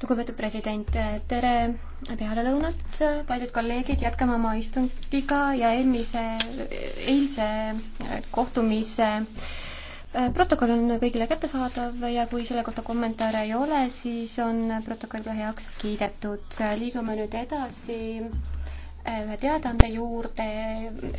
lugupeetud president, tere pealelõunat, paljud kolleegid, jätkame oma istungiga ja eelmise, eilse kohtumise äh, protokoll on kõigile kättesaadav ja kui selle kohta kommentaare ei ole, siis on protokoll ka heaks kiidetud. liigume nüüd edasi äh, ühe teadaande juurde.